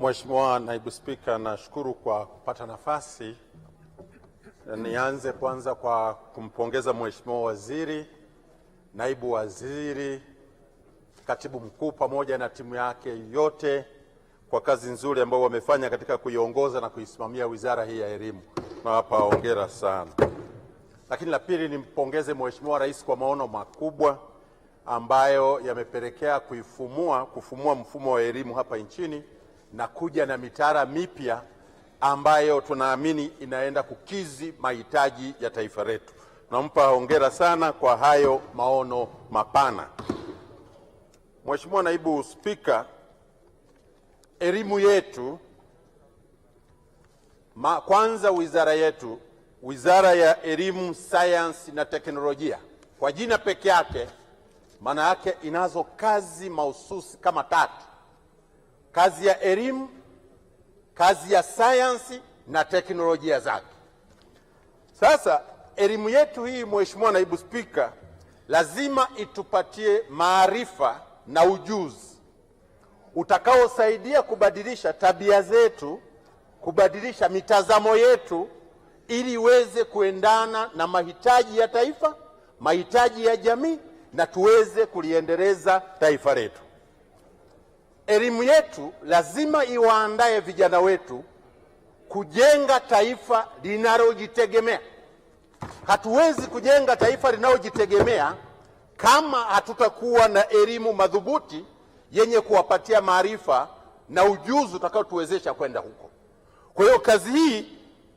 Mheshimiwa Naibu Spika, nashukuru kwa kupata nafasi. Nianze kwanza kwa kumpongeza Mheshimiwa Waziri, Naibu Waziri, Katibu Mkuu pamoja na timu yake yote kwa kazi nzuri ambayo wamefanya katika kuiongoza na kuisimamia wizara hii ya elimu. Nawapa hongera sana. Lakini la pili, nimpongeze Mheshimiwa Rais kwa maono makubwa ambayo yamepelekea kuifumua kufumua mfumo wa elimu hapa nchini na kuja na mitara mipya ambayo tunaamini inaenda kukizi mahitaji ya taifa letu. Nampa hongera sana kwa hayo maono mapana. Mheshimiwa Naibu Spika, elimu yetu ma, kwanza wizara yetu, Wizara ya Elimu, Sayansi na Teknolojia, kwa jina peke yake maana yake inazo kazi mahususi kama tatu kazi ya elimu, kazi ya sayansi na teknolojia zake. Sasa elimu yetu hii, Mheshimiwa Naibu Spika, lazima itupatie maarifa na ujuzi utakaosaidia kubadilisha tabia zetu, kubadilisha mitazamo yetu ili iweze kuendana na mahitaji ya taifa, mahitaji ya jamii na tuweze kuliendeleza taifa letu. Elimu yetu lazima iwaandae vijana wetu kujenga taifa linalojitegemea. Hatuwezi kujenga taifa linalojitegemea kama hatutakuwa na elimu madhubuti yenye kuwapatia maarifa na ujuzi utakaotuwezesha kwenda huko. Kwa hiyo kazi hii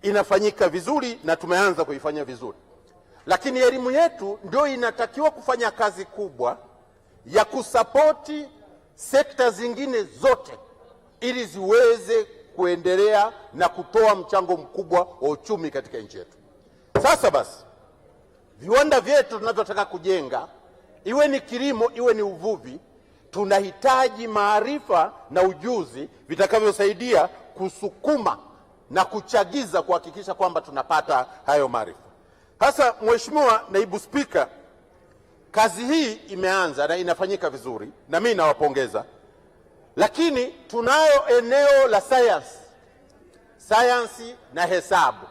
inafanyika vizuri na tumeanza kuifanya vizuri, lakini elimu yetu ndio inatakiwa kufanya kazi kubwa ya kusapoti sekta zingine zote ili ziweze kuendelea na kutoa mchango mkubwa wa uchumi katika nchi yetu. Sasa basi, viwanda vyetu tunavyotaka kujenga, iwe ni kilimo, iwe ni uvuvi, tunahitaji maarifa na ujuzi vitakavyosaidia kusukuma na kuchagiza kuhakikisha kwamba tunapata hayo maarifa. Sasa Mheshimiwa Naibu Spika Kazi hii imeanza na inafanyika vizuri, na mimi nawapongeza, lakini tunayo eneo la sayansi, sayansi na hesabu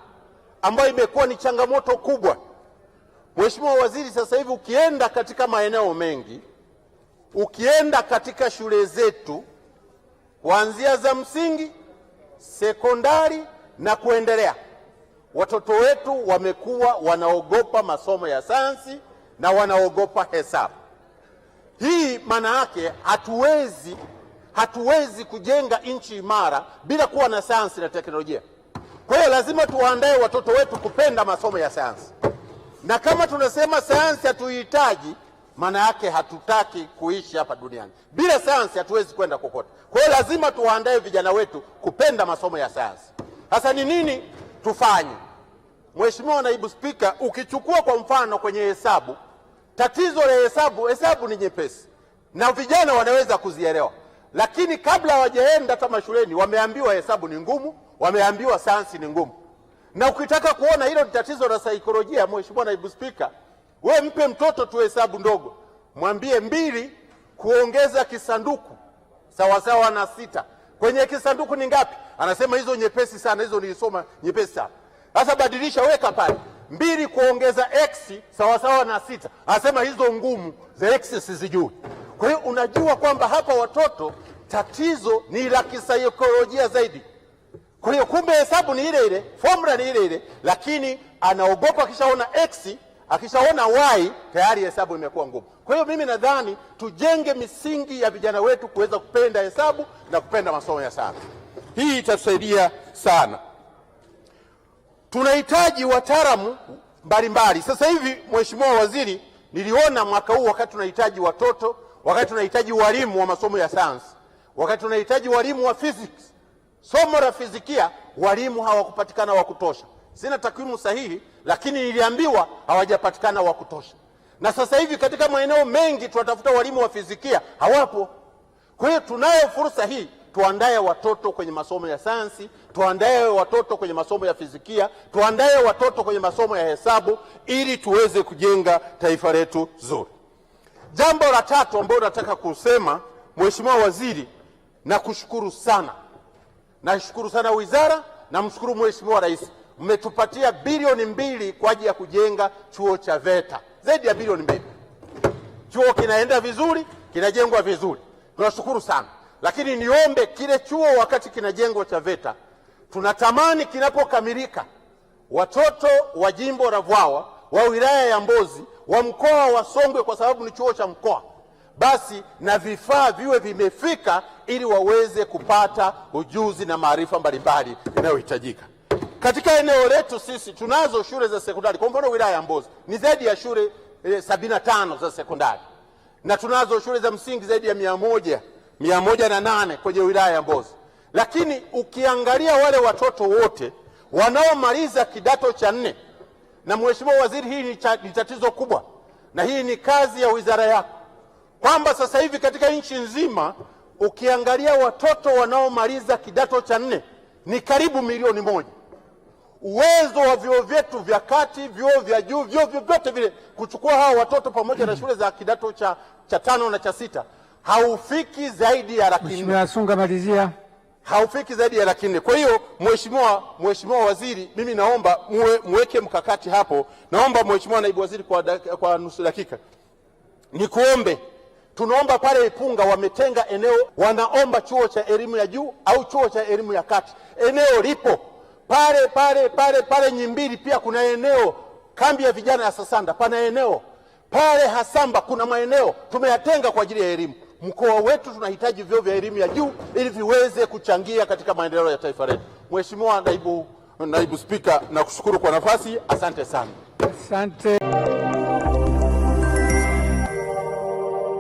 ambayo imekuwa ni changamoto kubwa. Mheshimiwa Waziri, sasa hivi ukienda katika maeneo mengi, ukienda katika shule zetu kuanzia za msingi, sekondari na kuendelea, watoto wetu wamekuwa wanaogopa masomo ya sayansi na wanaogopa hesabu. Hii maana yake hatuwezi hatuwezi kujenga nchi imara bila kuwa na sayansi na teknolojia. Kwa hiyo lazima tuwaandae watoto wetu kupenda masomo ya sayansi, na kama tunasema sayansi hatuihitaji, maana yake hatutaki kuishi hapa duniani. Bila sayansi hatuwezi kwenda kokote. Kwa hiyo lazima tuwaandae vijana wetu kupenda masomo ya sayansi. Sasa ni nini tufanye? Mheshimiwa Naibu Spika, ukichukua kwa mfano kwenye hesabu Tatizo la hesabu, hesabu ni nyepesi na vijana wanaweza kuzielewa, lakini kabla hawajaenda hata mashuleni wameambiwa hesabu ni ngumu, wameambiwa sayansi ni ngumu. Na ukitaka kuona hilo ni tatizo la saikolojia, Mheshimiwa Naibu Spika, we mpe mtoto tu hesabu ndogo, mwambie mbili kuongeza kisanduku sawasawa na sita kwenye kisanduku ni ngapi? Anasema hizo nyepesi sana, hizo nilisoma nyepesi sana. Sasa badilisha, weka pale mbili kuongeza x sawasawa na sita. Anasema hizo ngumu za x sizijui. Kwa hiyo unajua kwamba hapa watoto tatizo ni la kisaikolojia zaidi. Kwa hiyo kumbe hesabu ni ile ile, formula ni ile ile, lakini anaogopa akishaona x, akishaona y tayari hesabu imekuwa ngumu. Kwa hiyo mimi nadhani tujenge misingi ya vijana wetu kuweza kupenda hesabu na kupenda masomo ya sana. Hii itatusaidia sana tunahitaji wataalamu mbalimbali. Sasa hivi, Mheshimiwa Waziri, niliona mwaka huu wakati tunahitaji watoto, wakati tunahitaji walimu wa masomo ya sayansi, wakati tunahitaji walimu wa physics, somo la fizikia, walimu hawakupatikana wa kutosha. Sina takwimu sahihi, lakini niliambiwa hawajapatikana wa kutosha, na sasa hivi katika maeneo mengi tunatafuta walimu wa fizikia, hawapo. Kwa hiyo tunayo fursa hii tuandae watoto kwenye masomo ya sayansi, tuandae watoto kwenye masomo ya fizikia, tuandae watoto kwenye masomo ya hesabu ili tuweze kujenga taifa letu zuri. Jambo la tatu ambalo nataka kusema, Mheshimiwa Waziri, nakushukuru sana, nashukuru sana wizara, namshukuru Mheshimiwa Rais, mmetupatia bilioni mbili kwa ajili ya kujenga chuo cha VETA, zaidi ya bilioni mbili. Chuo kinaenda vizuri, kinajengwa vizuri, tunashukuru sana. Lakini niombe kile chuo wakati kinajengwa cha veta tunatamani kinapokamilika watoto wa jimbo la Vwawa, wa wilaya ya Mbozi, wa mkoa wa Songwe, kwa sababu ni chuo cha mkoa, basi na vifaa viwe vimefika ili waweze kupata ujuzi na maarifa mbalimbali yanayohitajika. Katika eneo letu sisi tunazo shule za sekondari. Kwa mfano wilaya ya Mbozi ni zaidi ya shule eh, sabini na tano za sekondari na tunazo shule za msingi zaidi ya mia moja mia moja na nane kwenye wilaya ya Mbozi, lakini ukiangalia wale watoto wote wanaomaliza kidato cha nne, na mheshimiwa waziri, hii ni tatizo kubwa, na hii ni kazi ya wizara yako, kwamba sasa hivi katika nchi nzima ukiangalia watoto wanaomaliza kidato cha nne ni karibu milioni moja. Uwezo wa vyuo vyetu vya kati, vyuo vya juu, vyuo vyote vile kuchukua hawa watoto pamoja na shule za kidato cha, cha tano na cha sita haufiki zaidi ya laki nne. Mheshimiwa Sunga, malizia. Haufiki zaidi ya laki nne. Kwa hiyo mheshimiwa, mheshimiwa waziri, mimi naomba muwe, muweke mkakati hapo. Naomba mheshimiwa naibu waziri, kwa, kwa nusu dakika nikuombe tunaomba pale Ipunga wametenga eneo, wanaomba chuo cha elimu ya juu au chuo cha elimu ya kati, eneo lipo pale pale pale pale. Nyimbili pia kuna eneo, kambi ya vijana ya Sasanda pana eneo pale, Hasamba kuna maeneo tumeyatenga kwa ajili ya elimu. Mkoa wetu tunahitaji vyuo vya elimu ya juu ili viweze kuchangia katika maendeleo ya taifa letu. Mheshimiwa Naibu, Naibu Spika, nakushukuru kwa nafasi. Asante sana. Asante.